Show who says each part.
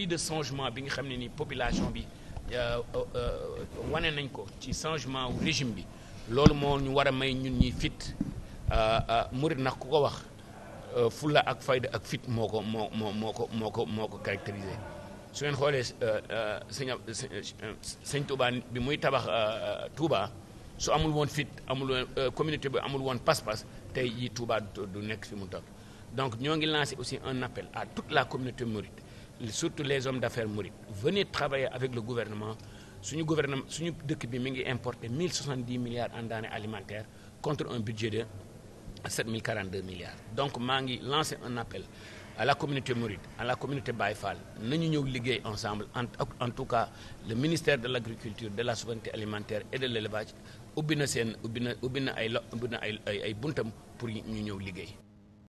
Speaker 1: puis de changement bi nga xam ne ni population bi euh, euh, wane nañ ko ci changement wu régime bi loolu moo ñu war a may ñun ñi fit euh, murit nag ku ko wax fulla ak fayda ak fit moo ko moo moo moo ko moo ko moo ko caractérisé su ngeen xoolee sëñ sëñ Touba bi muy tabax Touba su amul woon fit amul woon communauté bi amul woon pas-pas tey jii Touba du nekk fi mu toll donc ñoo ngi lancé aussi un appel à toute la communauté mouride surtout les hommes d'affaires mourides venez travailler avec le gouvernement suñu gouvernement suñu dëkk bi mi ngi importer mille soixante dix milliards en denrées alimentaires contre un budget de sept mille quarante deux milliards. donc maa ngi lancer un appel à la communauté mouride à la communauté Baye Fall ñu ñëw liggéey ensemble en en tout cas le ministère de l'agriculture de la souveraineté alimentaire et de l'élevage ubbi na seen ubbi na ubbi na ay lo ubbi na ay ay buntam pour ñu ñëw liggéey.